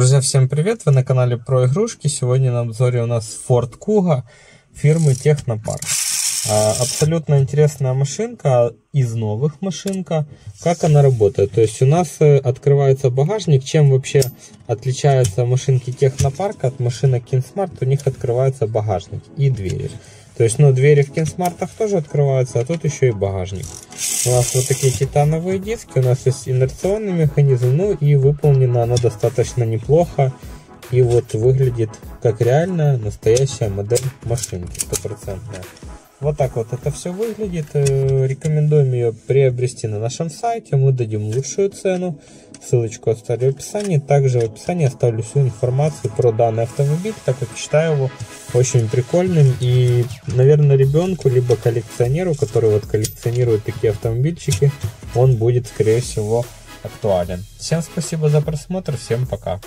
Друзья, всем привет! Вы на канале про игрушки. Сегодня на обзоре у нас Ford Kuga фирмы Технопарк. А, абсолютно интересная машинка, из новых машинка. Как она работает? То есть у нас э, открывается багажник. Чем вообще отличаются машинки Технопарка от машинок Кинсмарт? У них открывается багажник и двери. То есть, ну, двери в кинсмартах тоже открываются, а тут еще и багажник. У нас вот такие титановые диски, у нас есть инерционный механизм, ну и выполнено оно достаточно неплохо. И вот выглядит как реально настоящая модель машинки стопроцентная. Вот так вот это все выглядит. Э, рекомендуем ее приобрести на нашем сайте. Мы дадим лучшую цену. Ссылочку оставлю в описании. Также в описании оставлю всю информацию про данный автомобиль, так как считаю его очень прикольным. И, наверное, ребенку, либо коллекционеру, который вот коллекционирует такие автомобильчики, он будет, скорее всего, актуален. Всем спасибо за просмотр. Всем пока.